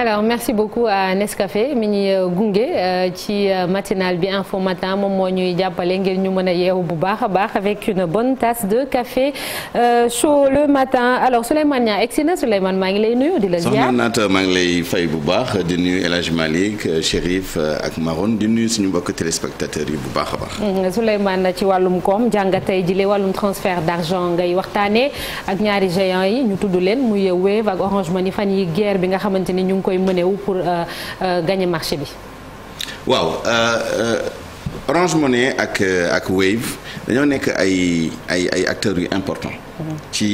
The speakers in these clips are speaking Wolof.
alors merci beaucoup à Nescafé mi ñuy euh, gunge euh, ci euh, matinale bi info matin moom moo ñuy jàppale ngir ñu mën a yeewu bu baax a baax avec une bonne tasse de café chaud le matin alors Souleymane Niang egsi na Souleymane maa ngi lay nuyu di la ziar soxna maa ngi lay fay bu baax di nuyu El Hadj ak Maron di nuyu suñu mbokk téléspectateurs yi bu baax a baax. Mm, Souleymane ci wàllum koom jàngatay jile wàllum transfert d'argent ngay waxtaanee ak ñaari géants yi ñu tudd leen muy Wave koy mëne wu pour euh, euh, gagner marché bi. waaw euh, Orange Money ak ak Wave dañoo nekk ay ay ay acteurs yu important mhm. ci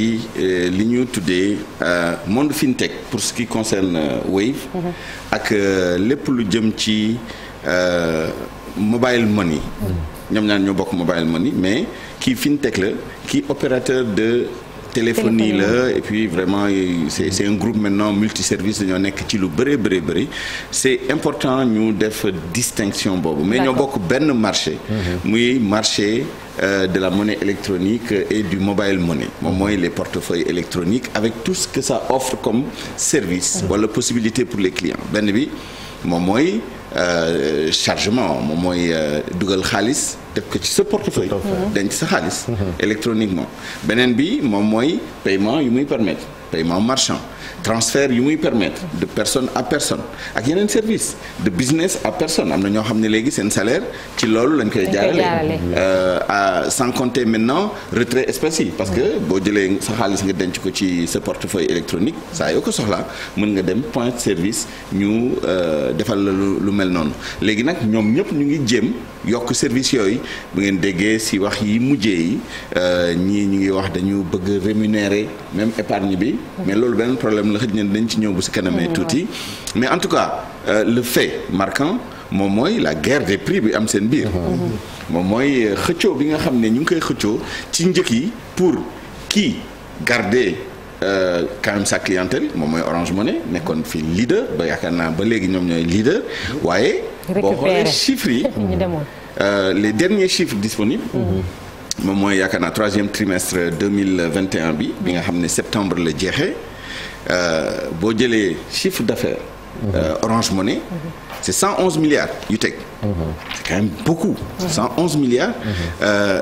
li ñu tuddee monde fintech pour ce qui concerne Wave. Mhm. ak lépp lu jëm ci mobile money. Mhm. ñoom ñaan ñoo bokk mobile money mais kii fintech la kii opérateur de. téléphonie la et puis vraiment c'est c'est un groupe maintenant multiservice dañoo nekk ci lu bëree bëri bëri c'est important ñu def distinction boobu mais ñoo bokk benn marché mhm. muy marché euh, de la monnaie électronique et du mobile money moom mooy les portefeuilles électroniques avec tout ce que ça offre comme service mhm. wala possibilité pour les clients benn bi moom mooy Euh, chargement moom mooy euh, dugal xaalis def ko ci sa portefeuille denc sa xaalis mhm. électroniquement beneen bi moom mooy paiement yu muy permettre paiement marchand transfert yu muy permettre de personne à personne ak yeneen service de business à personne am na ñoo xam ne léegi seen salaire ci loolu lañ koy jaarale euh, sans compter maintenant retrait espèces yi parce que boo jëlee sa xaalis nga denc ko ci sa portefeuille électronique saa yoo ko soxla mën nga dem point de service ñu euh, defal la lu mel noonu léegi nag ñoom ñëpp ñu ngi jéem yokk service yooyu bu ngeen déggee si wax yi mujjee yi euh, ñii ñu ngi wax dañu bëgg rémunérer même épargne bi mais loolu benn problème la xëj na dañ ci ñëw bu si kanamee mm-hmm. tuuti mais en tout cas euh, le fait marquant moom mooy la guerre des prix bi am seen biir mm-hmm. moom mooy xëcco bi nga xam ne ñu ngi koy xëccoo ci njëkk yi pour qui garder Euh, quand même sa clientèle moom mooy Orange Money nekkoon fi leader ba yaakaar naa ba léegi ñoom ñooy leader waaye boo xoolee chiffres yi euh, les derniers chiffres disponibles mm-hmm. moom mooy yaakaar naa troisième trimestre 2021 bi bi nga xam ne septembre la jeexe euh, boo jëlee chiffre d'affaires mm-hmm. Euh, Orange Money. Mm-hmm. c'est cent onze milliards yu teg. c'est quand même beaucoup. cent onze milliards. Euh,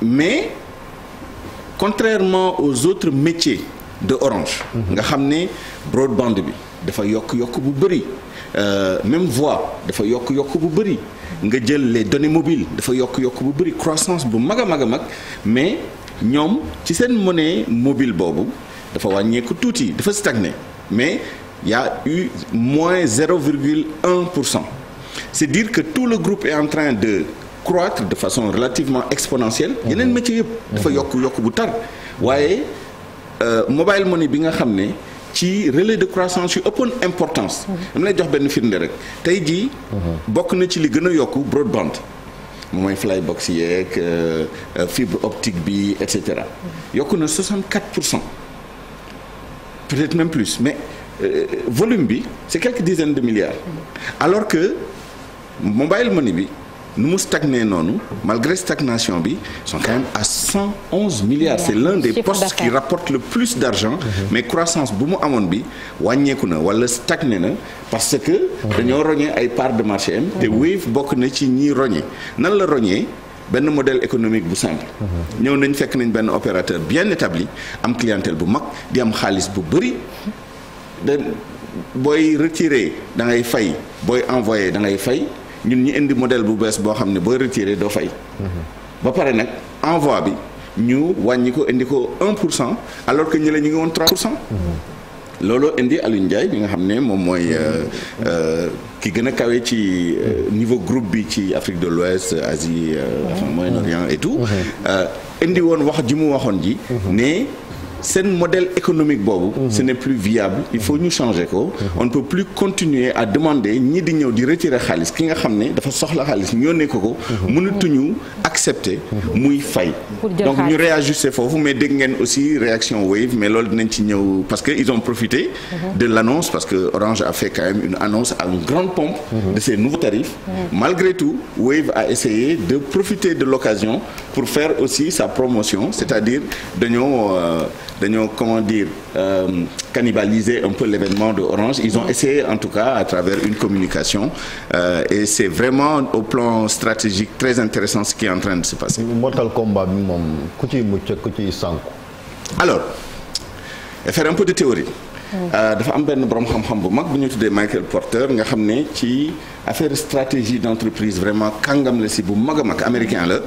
mais contrairement aux autres métiers de Orange. nga xam ne broadband bi dafa yokk yokk bu bëri. Euh, même voie dafa yokk yokk bu bëri nga jël les données mobiles dafa yokk yokk bu bëri croissance bu mag a mag a mag mais ñoom ci seen monnaie mobile boobu dafa wàññeeku tuuti dafa stagné mais y a eu moins un pour cent c'est dire que tout le groupe est en train de croitre de façon relativement exponentielle mmh. yeneen métier yëpp dafa mmh. yokk yokk bu tar waaye euh, mobile money bi nga xam ne ci relais de croissance yu ëppoon importance. dama jox benn firnde rek tey jii. bokk na ci li gën a yokk broadband. moom mooy flybox yeeg euh, euh, fibre optique bi et cetera. yokk na 64 pour cent peut-être même plus mais euh, euh, volume bi c'est quelques dizaines de milliards. alors que mobile money bi. nu mu stagné noonu malgré stagnation bi sont quand même à 111 milliards c'est l'un des postes qui rapporte le plus d'argent mhm. mais croissance bu mu amoon bi wàññeeku na wala stagné na parce que dañoo roñee ay parts de marché am te mhm. Wave bokk na ci ñi roñee nan la roñee benn modèle économique bu simple mhm. ñëw nañ fekk nañ benn opérateur bien établi am clientèle bu mag di am xaalis bu bëri de booy retirer da ngay fay booy envoyer da ngay fay ñun ñu indi modèle bu bees boo xam ne boo retiré doo fay. ba pare nag envoi bi ñu wàññi ko indi ko 1 cent alors que ñu la ñu ngi woon 3 pour looloo indi Alioune Ndiaye bi nga xam ne moom mooy euh, euh, ki gën a kawe ci euh, niveau groupe bi ci Afrique de l'Ouest Asie. Moyen-Orient et tout. indi woon wax ji mu waxoon ji. Mhm. ne seen modèle économique boobu mhm. ce n'est plus viable il faut ñu changer ko mhm. on ne peut plus continuer à demander ñi di ñëw di retirer xaalis ki nga xam ne dafa soxla xaalis ñoo nekk ko mhm. mënatuñu accepter muy fay donc ñu réajuster foofu mais dégg ngeen aussi réaction wave mais loolu dinañ ci ñëw parce que ils ont profité de l'annonce parce que Orange a fait quand même une annonce à une grande pompe de ces nouveaux tarifs malgré tout wave a essayé de profiter de dañoo comment dire euh, cannibaliser un peu l'événement de Orange ils ont essayé en tout cas à travers une communication euh, et c'est vraiment au plan stratégique très intéressant ce qui est en train de se passer. Mortal Kombat bi moom ku ciy mucc ku ciy sànku. alors faire un peu de théorie. Euh, dafa am benn borom xam-xam bu mag bu ñu tuddee Michael Porter nga xam ne ci affaire stratégie d'entreprise vraiment kàngam la si bu mag a mag américain la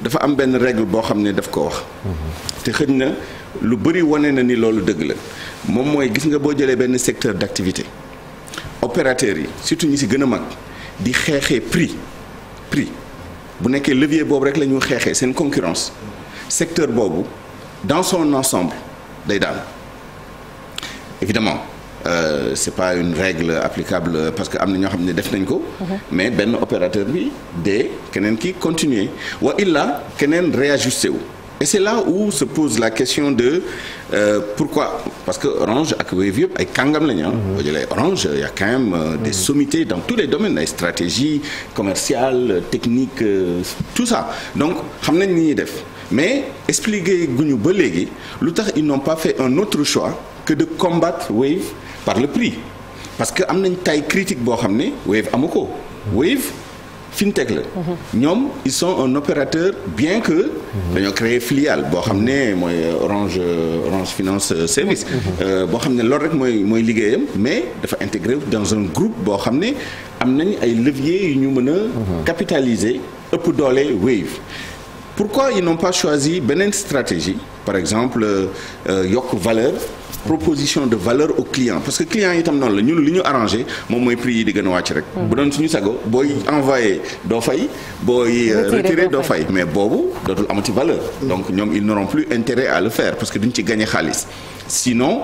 dafa am benn règle boo xam ne daf ko wax. Mhm. te na lu bëri wone na ni loolu dëgg la moom mooy gis nga boo jëlee benn secteur d'activité opérateur yi surtout ñu si gën a mag di xeexee prix pris bu nekkee levier boobu rek la ñu xeexee seen concurrence secteur boobu dans son ensemble day daal évidemment euh, c'est pas une règle applicable parce que am na ñoo xam ne def nañ ko mhm. mais benn opérateur bi dee keneen ki continuer wa illa keneen réajusté wu et c'est là où se pose la question de euh, pourquoi parce que Orange ak Wave yëpp ay kàngam lañu am. Ah. Mhm. boo jëlee Orange y a quand même euh, des mhm. sommités dans tous les domaines ay stratégie commerciale technique euh, tout ça donc xam nañ ni ñuy def mais expliquer guñu ba léegi lu tax ils n'ont pas fait un autre choix que de combattre Wave par le prix parce que am nañ taille critique boo xam ne Wave amu ko mhm. fintech la. ñoom ils sont un opérateur bien que. dañoo créer filiale boo xam ne mooy euh, Orange euh, Orange Finance euh, Service. boo xam ne loolu rek mooy mooy liggéeyam mais dafa intégré dans un groupe boo xam ne am nañu ay levier yu ñu mën a. capitaliser ëpp doole Wave. pourquoi ils n'ont pas choisi beneen stratégie par exemple yokk valeur. proposition de valeur au client parce que client itam noonu la ñun li ñu arrangé moom mooy prix yi di gën a wàcc rek. Hmm. bu doon suñu sago booy envoyé doo fay. booy euh, retiré doo fay mais boobu dootul amati valeur. Hmm. donc ñoom ils n'auront plus intérêt à le faire parce que duñ ci gagné xaalis sinon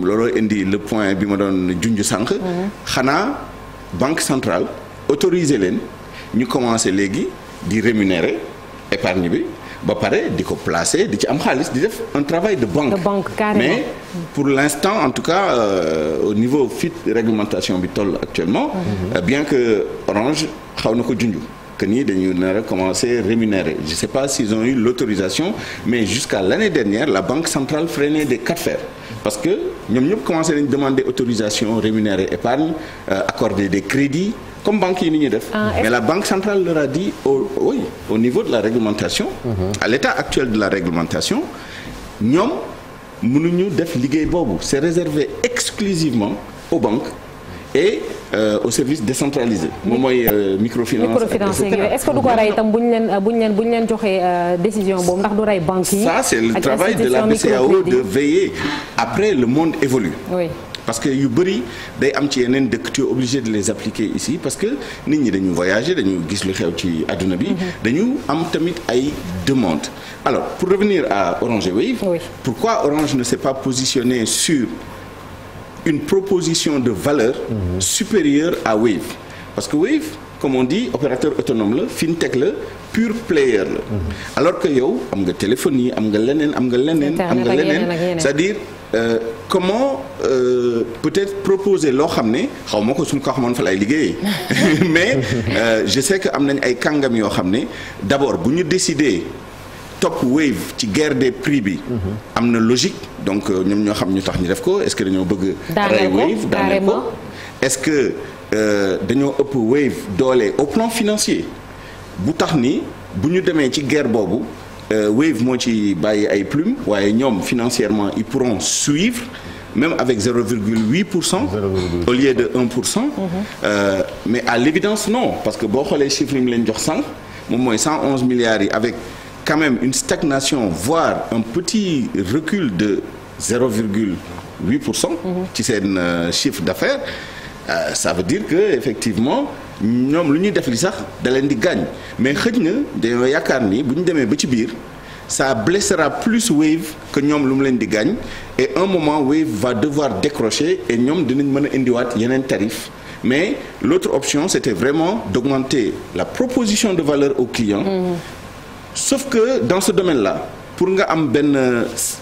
looloo indi le point bi ma doon junj sànq. Hmm. xanaa banque centrale autorisé leen ñu commencé léegi di rémunérer épargne bi. ba pare di ko placer di ci am xaalis di def un travail de banque. de banque carrément mais pour l' instant en tout cas euh, au niveau fit réglementation bi toll actuellement. Mhm. Euh, bien que Orange xaw na ko junj. que nii dañu nar a commencé rémunérer je sais pas s'ils ont eu l'autorisation mais jusqu'à l'année dernière la banque centrale freinait des quatre fers parce que ñoom ñëpp commencé nañ demander autorisation rémunérer épargne euh, accorder des crédits comme banque yi ni ñuy def. Ah, mais la banque centrale leur a dit au oui au niveau de la réglementation. Mhm. à l'état actuel de la réglementation ñoom mënuñu def liggéey boobu c'est réservé exclusivement aux banques et euh, aux services décentralisés. moom mooy euh, microfinance microfinance yooyu est-ce que du ko rey itam bu ñu leen bu leen bu ñu leen joxee euh, décision boobu ndax du rey banque yi. ça c'est le travail de la BCEAO de veiller après le monde évolue. parce que yu bëri day am ci yeneen dëkk tu es obligé de les appliquer ici parce que nit ñi dañu voyager dañu gis lu xew ci àdduna bi. Mm-hmm. dañu am tamit ay demandes. alors pour revenir à Orange Wave. Oui. pourquoi Orange ne s'est pas positionné sur une proposition de valeur. Mmh. supérieure à Wave parce que Wave comme on dit opérateur autonome la fintech la pur player la. Mm-hmm. alors que yow am nga téléphonie am nga leneen am nga leneen. am nga leneen c'est-à-dire. Euh, comment euh, peut-être proposer loo xam ne xaw ma ko su ma ko xamoon fa lay liggéeyee mais euh, je sais que am nañ ay kàngam yoo xam ne d'abord bu ñu décider top wave ci guerre des prix bi. Mhm. am na logique donc ñoom ñoo xam ñu tax ñu def ko est-ce que dañoo bëgg. ray wave daaneel ko est-ce que dañoo ëpp wave doole au plan financier bu tax ni bu ñu demee ci guerre boobu. Euh, Wave moo i bàyyi ay plumes waaye ñoom financièrement ils pourront suivre même avec 0,8 pour cent au lieu de 1 pour cent mhm. euh, mais à l'évidence non parce que boo xoolee chiffres yi mu leen jox sànq moom mooy 111 milliards yi avec quand même une stagnation voire un petit recul de 0,8 pour cent mhm. ci seen euh, chiffre d'affaires euh, ça veut dire que effectivement ñoom lu ñuy def li sax da leen di gaañ mais xëj na dañoo yaakaar ni bu ñu demee ba ci biir ça blessera plus Wave que ñoom lu mu leen di gaañ et un moment Wave va devoir décrocher et ñoom dinañ mën a indiwaat yeneen tarif mais l'autre option c'était vraiment d'augmenter la proposition de valeur au clients mmh. sauf que dans ce domaine-là pour nga am benn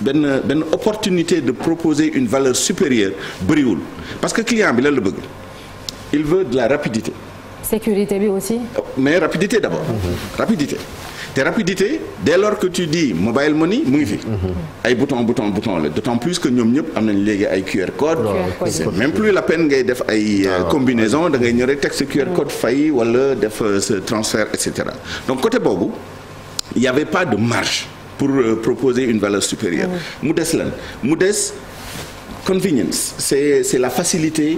benn benn opportunité de proposer une valeur supérieure bëriwul parce que client bi la la bëgg il veut de la rapidité sécurité bi aussi. mais rapidité d'abord. Mmh. rapidité te rapidité dès lors que tu dis mobile money mu ngi fi. ay bouton bouton bouton la d'autant plus que ñoom ñëpp am nañ léegi ay QR code. c'est même plus la peine ngay def ay. Euh, combinaison da ngay ñëw rek teg sa QR code fay wala def euh, sa transfert et cetera donc côté boobu il y avait pas de marge pour euh, proposer une valeur supérieure. Mm. mu des lan mu des. convenience c'est c'est la facilité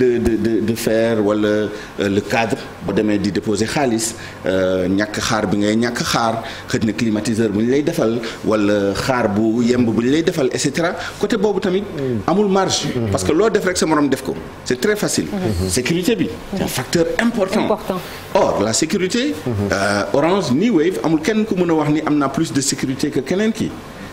de de de fair wala euh, le cadre bu demee di déposer xaalis euh, ñàkk xaar bi ngay ñàkk xaar xëj na climatiseur bu ñu lay defal wala xaar bu yemb bu ñu lay defal et cetera côté boobu tamit mm. amul marge mm-hmm. parce que loo def rek sa moroom def ko c'est très facile mm-hmm. sécurité bi c'est un facteur important or la sécurité mm-hmm. euh, Orange ni Wave amul kenn ku mën a wax ni am na plus de sécurité que keneen ki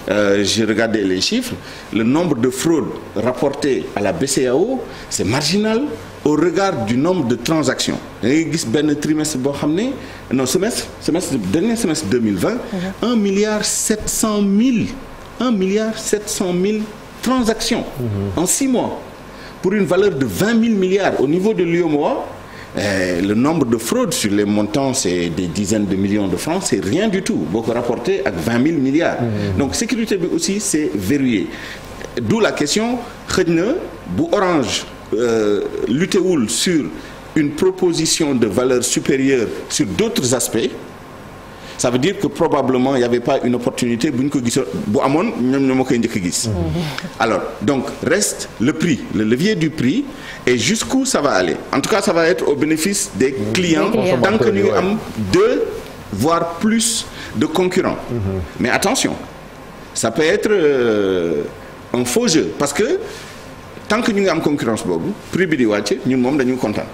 euh, j'ai les chiffres, le nombre de fraudes rapportées à la BCAO, c'est marginal au regard du nombre de transactions. da ngay gis benn trimestre boo xam ne non semestre semestre dernier semestre 2020. Mm -hmm. 1 milliard 700 mille 1 milliard 700 mille transactions. Mm -hmm. en 6 mois pour une valeur de milliards au niveau de l'UEMOA. Euh, le nombre de fraudes sur les montants c'est des dizaines de millions de francs c'est rien du tout boo ko rapporté ak vingt mille milliards mmh. donc sécurité bi aussi c'est verrouillé d'où la question xëj na bu Orange euh, luttewul sur une proposition de valeur supérieure sur d'autres aspects ça veut dire que probablement il y avait pas une opportunité bu ñu ko gisoon bu amoon ñoom ñoo ma koy njëkk a gis. Mm-hmm. alors donc reste le prix le levier du prix et jusqu'où ça va aller en tout cas ça va être au bénéfice des mm-hmm. clients tant que ñu ngi am deux voire plus de concurrents. Mm-hmm. mais attention ça peut être euh, un faux jeu parce que. tant que ñu ngi am concurrence boobu prix bi di wàcc ñun moom dañu kontaan.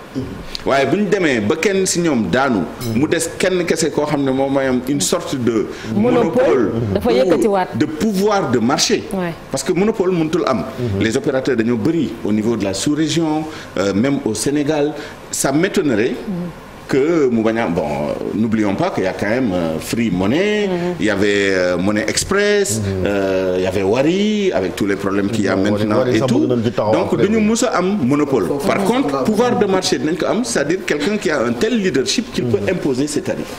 waaye bu ñu demee ba kenn si ñoom daanu. mu des kenn kese koo xam ne moom mooy am une sorte de. monopole dafa waat de pouvoir de marché. parce que monopole mënutul am. Mhm. les opérateurs dañoo bëri au niveau de la sous-région euh, même au Sénégal sa m'étonnerait mhm. que mu bañ a bon n'oublions pas qu'il y a quand même euh, Free Money. il y avait euh, Money Express. Mhm. Euh, il y avait Wari avec tous les problèmes qu'il y a mhm. maintenant et tout donc duñu mus a am monopole. par contre pouvoir de marché dinañ ko am c'est-à-dire quelqu'un qui a un tel leadership. qu'il peut mhm. imposer ses tarifs.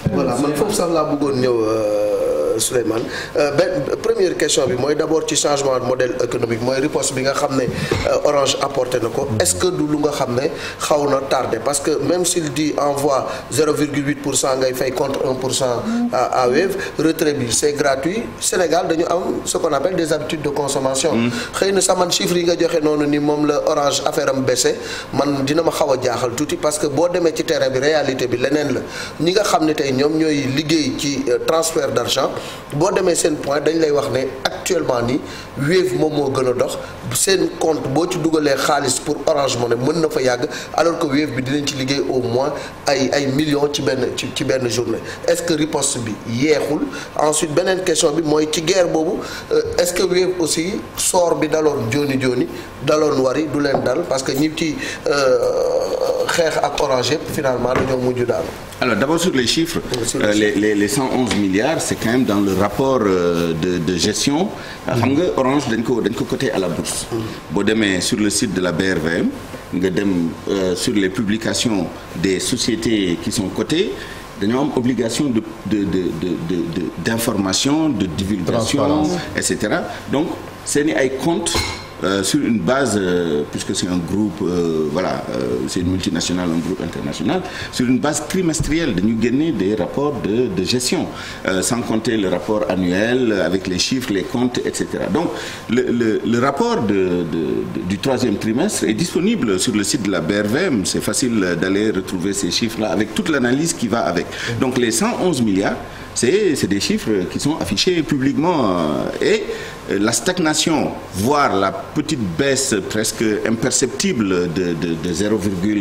Euh, Souleymane euh, benn première question bi mooy d' abord ci changement modèle économique mooy riposte bi nga xam ne euh, Orange apporte na ko est ce que du lu nga xam ne xaw na tardé parce que même s'il dit envoi 0,8 pour cent ngay fay contre pour cent à Wave retrait bi Sénégal dañu am ce qu'on appelle des habitudes de consommation mm. xëy na sax man chiffre yi nga joxe noonu ni moom la Orange affaire am baissé man dina ma xaw a jaaxal tuuti parce que boo demee ci terrain bi réalité bi leneen la ñi nga xam ne tey ñoom ñooy liggéey ci transfert d' argent boo demee seen point dañ lay wax ne actuellement nii Wave moom moo gën a dox seen compte boo ci dugalee xaalis pour Orange Money mën na fa yàgg alors que Wave bi dinañ ci liggéey au moins ay million ci benn ci ci benn journée est-ce que riposte bi yeexul ensuite beneen question bi mooy ci guerre boobu euh, est-ce que Wave aussi sort bi daloon jooni jooni daloon wari du leen dal parce que ñi ci euh, xeex ak Orange yëpp finalement dañoo mujj daal. alors d'abord sur les chiffres. Euh, les les les 111 milliards c'est quand dans le rapport euh, de de gestion. Mm-hmm. xam nga Orange dañ ko dañ ko coté à la bourse. Mm-hmm. boo demee sur le site de la BRVM nga dem euh, sur les publications des sociétés qui sont cotées. dañoo am obligation de de de de de d'information de divulgation et cetera donc seeni ay comptes euh, sur une base, euh, puisque c'est un groupe, euh, voilà, euh, c'est une multinationale, un groupe international, sur une base trimestrielle, de nous gagner des rapports de, de gestion, euh, sans compter le rapport annuel avec les chiffres, les comptes, etc. Donc, le, le, le rapport de, de, du troisième trimestre est disponible sur le site de la BRVM. C'est facile d'aller retrouver ces chiffres-là avec toute l'analyse qui va avec. les milliards, C'est des chiffres qui sont affichés publiquement. Euh, et euh, la stagnation, voire la petite baisse presque imperceptible de, de, de 0,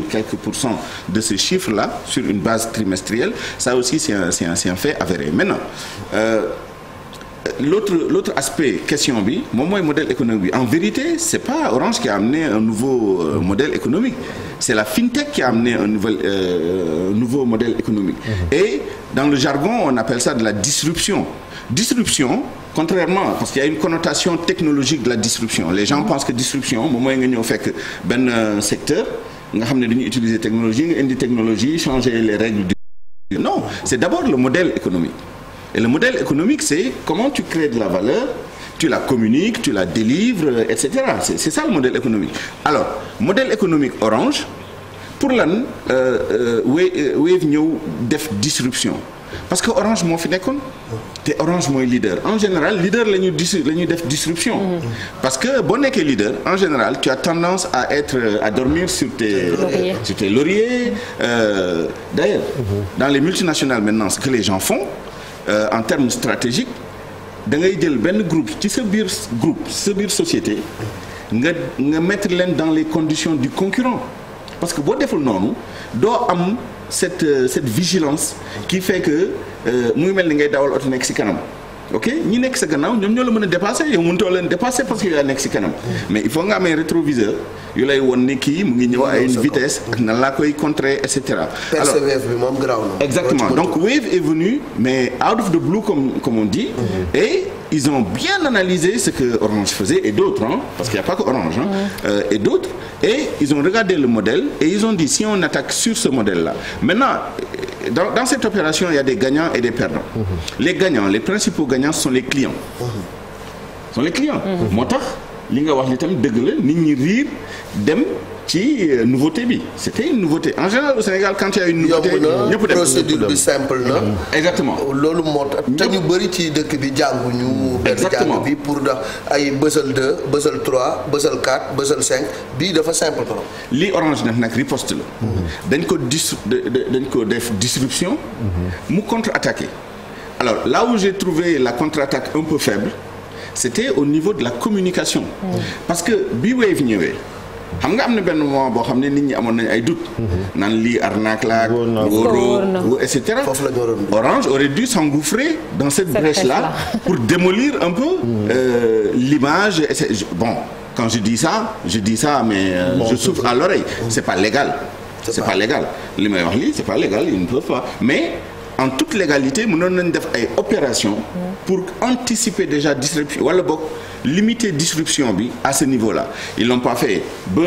quelques pourcent de ce chiffre-là sur une base trimestrielle, ça aussi c'est un, un, un, fait avéré. Maintenant, euh, l'autre l'autre aspect question bi moom mooy modèle économique en vérité c'est pas Orange qui a amené un nouveau euh, modèle économique c'est la fintech qui a amené un nouvel euh, euh nouveau modèle économique mmh. et dans le jargon on appelle ça de la disruption disruption contrairement parce qu'il y a une connotation technologique de la disruption les gens mmh. pensent que disruption moom mooy nga ñëw fekk benn euh, secteur nga xam ne dañuy utiliser technologie nga indi technologie changer les règles du non c'est d'abord le modèle économique Et le modèle économique, c'est comment tu crées de la valeur, tu la communiques, tu la délivres, etc. C'est ça le modèle économique. Alors, modèle économique orange, pour lan euh, euh, euh, Wave ñëw def disruption parce que orange moo fi nekkoon te orange mooy leader en général leader la ñuy dis la ñuy def disruption mm-hmm. parce que boo nekkee leader en général tu as tendance à être à dormir sur tes sur tes lauriers d'ailleurs mm-hmm. dans les multinationales maintenant ce que les gens font Euh, en termes stratégique da ngay jël benn groupe ci sa biir groupe sa biir société nga nga mettre leen dans les conditions du concurrent parce que boo deful noonu doo am cette euh, cette vigilance qui fait que euh, muy mel ni ngay dawal oto nekk ci kanam. ok ñi nekk sa gannaaw ñoom ñoo la mën a dépassé yow mënutoo leen dépassé parce que yow yaa nekk si kanam. mais il faut nga amee rétroviseur yu lay won ni kii mu ngi ñëw à une vitesse nan laa koy contrer et cetera. moom garaaw na exactement donc wave est venu mais out of the blue comme comme on dit. Mhm. et ils ont bien analysé ce que Orange faisait et d'autres, hein, parce qu'il n'y a pas que Orange, euh, et d'autres, et ils ont regardé le modèle et ils ont dit si on attaque sur ce modèle-là. Maintenant, euh, dans, cette opération, il y a des gagnants et des perdants. Mm-hmm. Les gagnants, les principaux gagnants sont les clients. Mmh. sont les clients. Mm-hmm. moo li nga wax ni tamit dëgg la nit ñi dem. ci euh, nouveauté bi c'était une nouveauté en général au Sénégal quand il y a une nouveauté ñëpp procédure bi simple na. Mm-hmm. exactement loolu moo tax te ñu bëri ci dëkk bi jànguñu. Mm-hmm. exactement bi pour da ay bësal 2 bësal 3 bësal 4 bësal cinq bi dafa simple li lii orange nag nag riposte la. Mm-hmm. dañ ko dis dañ ko def disruption. mu contre-attaquer alors là où j'ai trouvé la contre-attaque un peu faible c'était au niveau de la communication. parce que bi wave ñëwee. xam nga am na benn moment boo xam ne nit ñi amoon nañ ay doute. Mhm. naan lii arnaque la ak. wóor na et cetera. foofu la ñu waroon Orange aurait dû s'engouffrer dans cette brèche là pour démolir un peu. Mhm. Euh, l'image bon quand je dis ça je dis ça mais. Euh, bon, je souffle à l'oreille c'est pas légal. c'est pas légal li may wax li c'est pas légal ils ne peuvent pas mais. en toute légalité mënoon nañ def ay opération pour anticiper déjà disruption wala boog limiter disruption bi à ce niveau là ils l'ont pas fait ba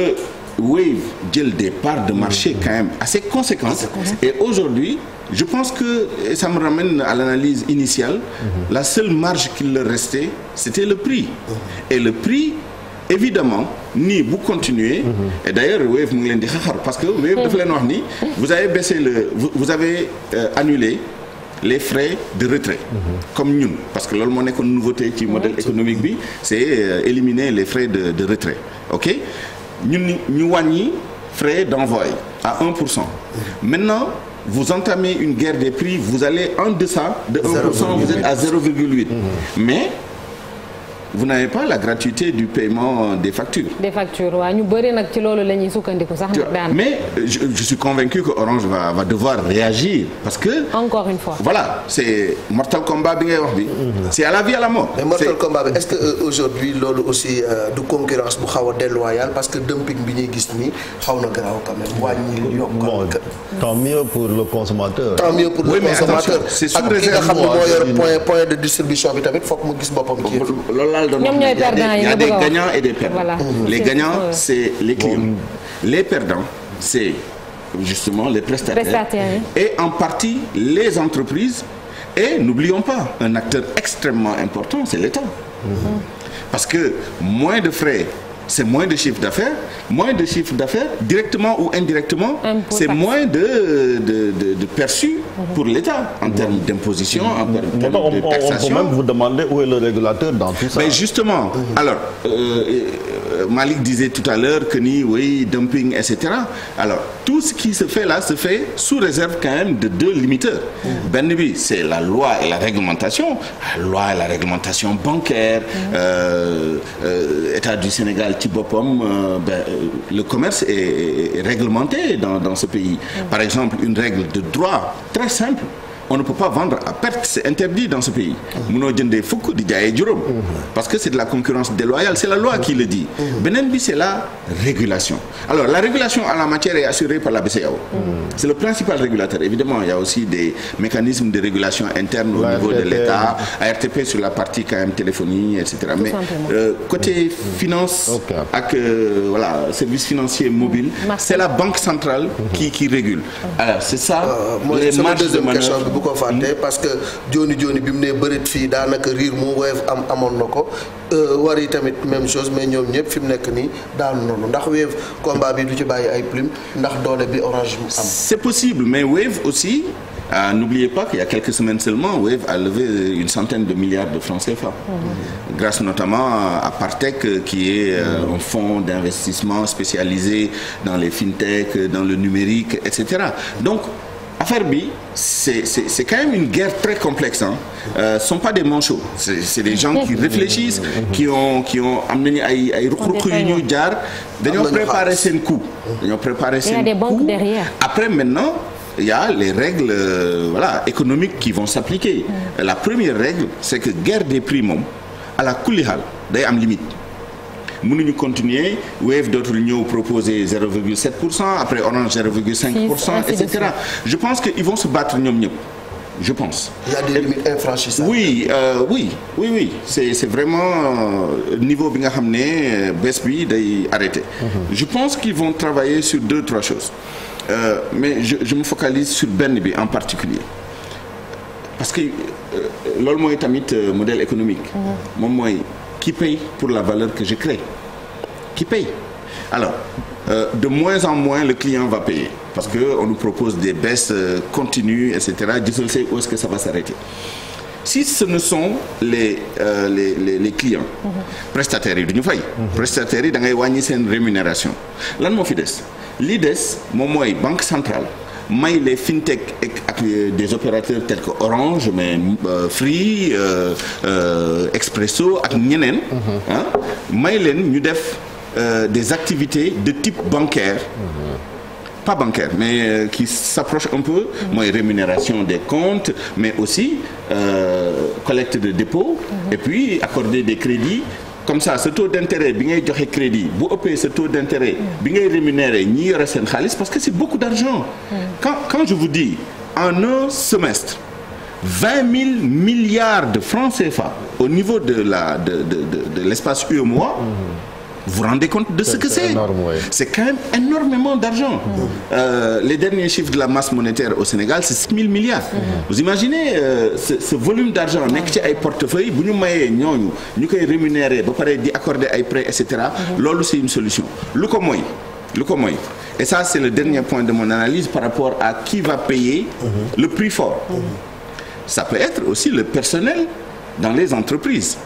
Wave jël des parts de marché quand même assez conséquentes et aujourd'hui je pense que et ça me ramène à l'analyse initiale mhm. la seule marge qu'il leur restait c'était le prix mhm. et le prix évidemment nii bu continuer mhm. et d'ailleurs Wave mu ngi leen di xaxar parce que Wave dafa leen wax ni mhm. vous avez baissé le vous avez euh, annulé les frais de retrait mhm. comme ñun parce que loolu moo nekkoon nouveauté ci modèle économique bi c'est euh, éliminer les frais de de retrait ok ñun ñu wàññi frais d'envoi à 1 pour cent maintenant vous entamez une guerre des prix vous allez en deçà de 1 pour vous êtes à mais vous n'avez pas la gratuité du paiement des factures. des factures waaw ñu bëri nag ci loolu la sukkandiku sax. mais je, suis convaincu que Orange va devoir réagir parce que. encore une fois voilà c'est mortal combat bi ngay wax mm-hmm. vie à la mort. mais mortal combat bi est-ce que euh, aujourd'hui loolu aussi euh, du concurrence bu xaw a parce que dumping bi ñuy gis nii xaw na garaaw quand tant mieux pour le consommateur. tant mieux pour le consommateur mal de normes. Il y a des gagnants et des perdants. Voilà. Les gagnants, c'est les clients. Les perdants, c'est justement les prestataires. prestataires. Et en partie les entreprises. Et n'oublions pas, un acteur extrêmement important, c'est l'État. Mmh. Parce que moins de frais c'est moins de chiffre d'affaires, moins de chiffre d'affaires, directement ou indirectement, c'est moins de, de, de, de perçus pour l'État en termes d'imposition, en termes on, de taxation. On peut même vous demander où est le régulateur dans tout ça. Mais justement, mhm. alors, euh, euh, Malik disait tout à l'heure que ni, oui, dumping, etc. Alors, tout ce qui se fait là se fait sous réserve quand même de deux limiteurs. benn bi c'est la loi et la réglementation la loi et la réglementation bancaire. Euh, euh, état du Sénégal ci boppam euh, le commerce est, réglementé dans dans ce pays. par exemple une règle de droit très simple. on ne peut pas vendre à perte c'est interdit dans ce pays mënoo jëndee fukk di jaayee juróom parce que c'est de la concurrence déloyale c'est la loi qui le dit beneen bi c'est la régulation alors la régulation en la matière est assurée par la BCEAO c'est le principal régulateur évidemment il y a aussi des mécanismes de régulation interne au niveau de l'État ARTP sur la partie quand téléphonie et mais euh, côté mm. finance ak euh, qui régule mm-hmm. alors c'est ça euh, koo fàtte mm. parce que jooni jooni bi mu nee bërit fii daanaka riir mu woyof am amoon na ko euh, war yi tamit même chose mais ñoom ñëpp fi mu nekk nii daanu noonu ndax Wave combat bi du ci bàyyi ay plume ndax doole bi orange mu am. c'est possible mais Wave aussi. Ah, n'oubliez pas qu'il y a quelques semaines seulement Wave a levé une centaine de milliards de francs CFA. Mmh. grâce notamment à Partec euh, qui est euh, mm. un fonds d'investissement spécialisé dans les fintech dans le numérique affaire bi c'est c'est c'est quand même une guerre très complexe hein euh, sont pas des manchots c'est c'est des gens qui réfléchissent qui ont qui ont am nañu ay ay ruq-ruq yu ñu jaar dañoo préparer seen coup dañoo préparer seen coup après maintenant il y a les règles euh, voilà économiques qui vont s'appliquer mm. la première règle c'est que guerre des prix moom à la kulihal day am limite mënuñu continuer Wave dootul ñëw proposer 0,7 pour cent après Orange 0,5 pour cent et cetera je pense que ils vont se battre ñoom ñëpp je pense. a des limites infranchissables. oui euh, oui oui c'est vraiment euh, niveau bi nga xam ne euh, bés bi day arrêté. Mhm. je pense qu'ils vont travailler sur deux trois choses euh, mais je je me focalise sur benn bi en particulier parce que euh, loolu mooy tamit euh, modèle économique. Mhm. moom mooy. qui paye pour la valeur que je crée Qui paye Alors, euh, de moins en moins, le client va payer parce qu'on nous propose des baisses euh, continues, etc. Dieu seul sait est-ce que ça va s'arrêter. Si ce ne sont les, euh, les, les, les, clients, mm -hmm. prestataires, ils nous Prestataires, ils ont une rémunération. L'un de mes l'IDES, mon banque centrale, may les fintech ak des opérateurs tels que Orange mais euh, Free euh, euh, Expresso ak ñeneen mhm. ah may leen ñu def des activités de type bancaire mhm. pas bancaire mais euh, qui s'approche un peu mmh. mooy rémunération des comptes mais aussi euh, collecte de dépôts mmh. et puis accorder des crédits comme ça sa taux d' intérêt bi ngay joxe crédit bu ëppee sa taux d' intérêt bi ngay rémunérer ñi yore seen xaalis parce que c' est beaucoup d' argent quand je vous dis en un semestre vingt mille milliards de francs CFA au niveau de la de de de, de l' espace Vous vous rendez compte de ce que c'est C'est quand même énormément d'argent. Mm-hmm. Euh, les derniers chiffres de la masse monétaire au Sénégal, c'est 6 000 milliards. Mm-hmm. Vous imaginez euh, ce, volume d'argent nekk ci ay portefeuille bu ñu mayee ñooñu ñu koy rémunérer ba pare di accorder ay prêts et cetera. Mm-hmm. loolu c'est une solution lu ko mooy lu ko mooy. Et ça, c'est le dernier point de mon analyse par rapport à qui va payer le prix fort. Mmh. peut être aussi le personnel dans les entreprises.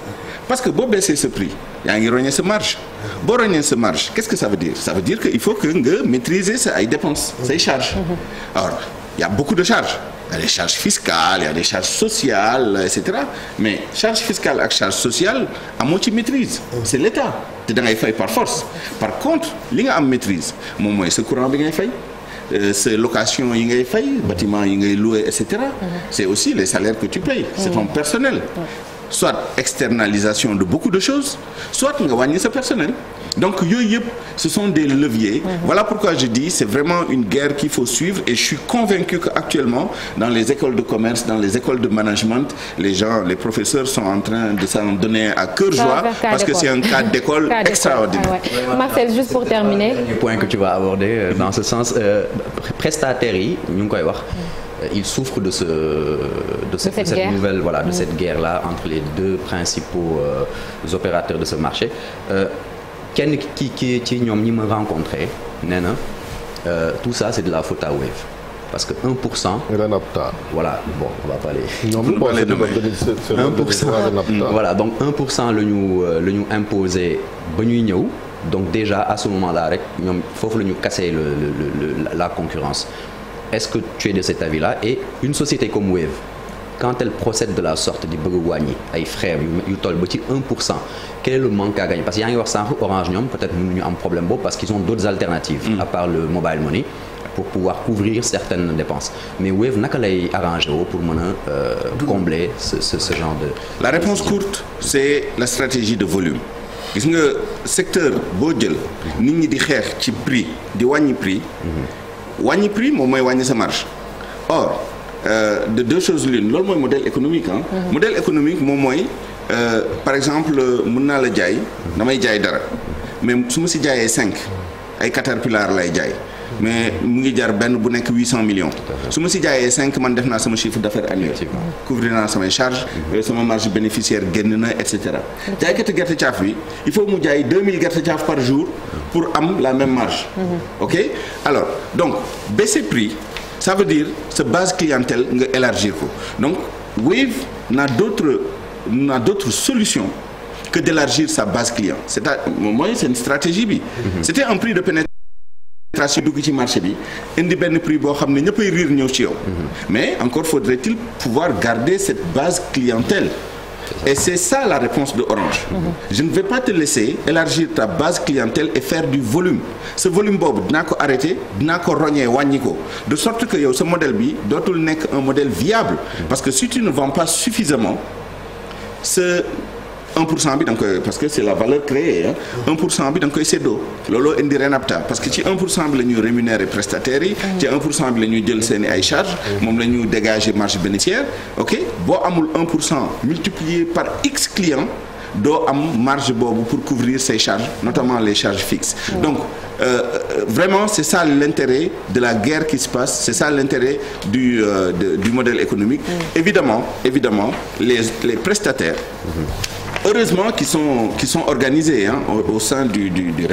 parce que boo baissee sa prix yaa ngi roñee sa marge boo roñee sa marge qu'est-ce que ça veut dire ça veut dire que il faut que nga maîtriser sa ay dépenses say charges alors il y a beaucoup de charges il y a des charges fiscales il y a des charges sociales et cetera mais charge fiscale ak charge sociale amoo ci maîtrise c'est l'État te da fay par force par contre li nga am maîtrise moom mooy sa courant bi ngay fay euh, sa location yi ngay fay bâtiment yi ngay louer et cetera c'est aussi les salaires que tu payes personnel soit externalisation de beaucoup de choses soit nga wàññi sa personnel donc yooyu yëpp ce sont des leviers mmh. voilà pourquoi je dis c'est vraiment une guerre qu'il faut suivre et je suis convaincu que actuellement dans les écoles de commerce dans les écoles de management les gens les professeurs sont en train de s'en donner à cœur joie parce que c'est un cas d'école extraordinaire ah Marcel juste pour terminer euh, point que tu vas aborder euh, dans ce sens euh, prestataires yi ñu ngi koy wax mm. Euh, il souffre de, ce, cette, nouvelle, voilà, de mmh. cette guerre-là entre les deux principaux euh, opérateurs de ce marché. Euh, Ken qui qui ci ñoom ñi ma nee na tout ça c'est de la faute à Wave. parce que 1% Renapta voilà bon on va parler ñoom mm. donc 1% la ñu la ñu imposé ba ñuy ñëw donc déjà à ce moment-là rek ñoom foofu la ñu casser le, le, la concurrence est-ce que tu es de cet avis-là et une société comme Wave quand elle procède de la sorte di bëgg a wàññi ay frais yu toll ba ci 1 pour cent quel est le manque à gagner parce que yaa ngi wax sànq orange ñoom peut-être mënuñu am problème boobu parce qu'ils ont d'autres alternatives mm. à part le mobile money pour pouvoir couvrir certaines dépenses mais Wave naka lay arrangé woo pour mën a euh, combler ce, ce, ce genre de la réponse courte de volume gis nga secteur boo jël nit ñi di xeex ci prix di wàññi prix mm-hmm. wàññi pris moom mooy wàññi sa marge or euh, de deux choses l'une loolu mooy modèle économique ah. Mm -hmm. économique moom mooy euh, par exemple mën naa la jaay damay jaay dara mais su ma si jaayee cinq ay caterpillar lay jaay. mais mu ngi jar benn bu nekk 800 millions. su ma si jaayee 5 man def naa sama chiffre d'affaires annuel. couvrir naa samay charges. Euh, sama marge bénéficiaire génn na et cetera. jaaykatu gerte caaf bi il faut mu jaay 2000 gerte caaf par jour pour am la même marge. Mm-hmm. ok alors donc baisser prix ça veut dire sa base clientèle nga élargir ko donc Wave n'a d'autres n'a d'autres solutions que d'élargir sa base client c'est à mooy seen stratégie bi mhm. c'était un prix de pénétration dugg ci marché bi indi benn prix boo xam ne ñëppay riir ñëw ci yow mhm. mais encore faudrait-il pouvoir garder cette base clientèle Et c'est la réponse de Orange. Mhm. Je ne vais pas te laisser élargir ta base clientèle et faire du volume ce volume boobu dinaa ko arrêté dinaa ko roñee wàññi ko de sorte que yow sa modèle bi dootul nekk un modèle viable mhm. parce que si tu ne vends pas suffisamment ce 1 pour cent bi parce que c'est la valeur créée ah 1 pour cent bi da nga koy séddoo looloo indi RENAPTA parce que ci bi la rémunérer prestataires yi ci bi la jël seen ay charges moom la ñuy marge bénéficiaire boo amul multiplié par x clients doo am marge boobu pour couvrir ses charges notamment les charges fixes donc euh, euh, vraiment c'est ça l'intérêt de la guerre qui se passe c'est ça l'intérêt du euh, de, modèle économique évidemment les les prestataires mm-hmm. heureusement qu'ils sont qu'ils sont organisés hein, au, au, sein du du du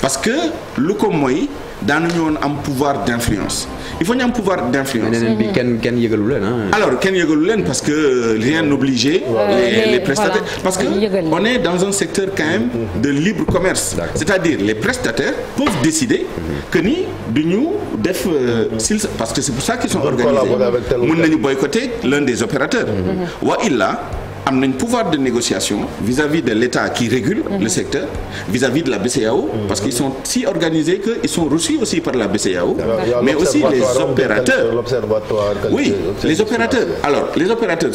parce que lu ko mooy daanañu woon am pouvoir d'influence il faut ñu am pouvoir d'influence. leneen bi kenn kenn yëgalu leen alors kenn yëgalu leen parce que rien n'oblige les les parce que on est dans un secteur quand même de libre commerce. c'est-à-dire les prestataires peuvent décider que ni du ñu def euh, s'ils parce que c'est pour ça qu'ils sont organisés mën nañu boycotter l'un des opérateurs mhm. wa illa am nañ pouvoir de négociation vis-à-vis de l'État qui régule le mhm. secteur vis-à-vis de la BCEAO mhm. parce qu'ils sont si organisés que ils sont reçus aussi par la BCEAO mais aussi les opérateurs oui les opérateurs alors les opérateurs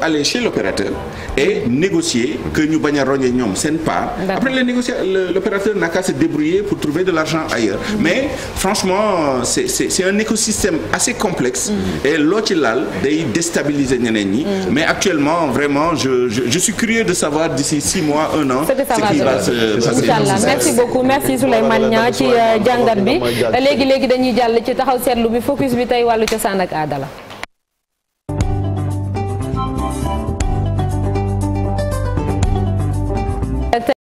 aller chez l'opérateur et négocier que ñu bañ a roñe ñoom seen part après les négocier l'opérateur n'a qu'à se débrouiller pour trouver de l'argent ailleurs mhm. mais franchement c'est un écosystème assez complexe et loo ci laal day déstabiliser ñeneen ñi actuellement vraiment je, je je suis curieux de savoir d'ici six mois un an. ce qui va se passer inchallah merci beaucoup merci Souleymane Niang ci euh, jàngat bi léegi léegi dañuy jàll ci taxaw seetlu bi focus bi tey wàllu cosaan ak aada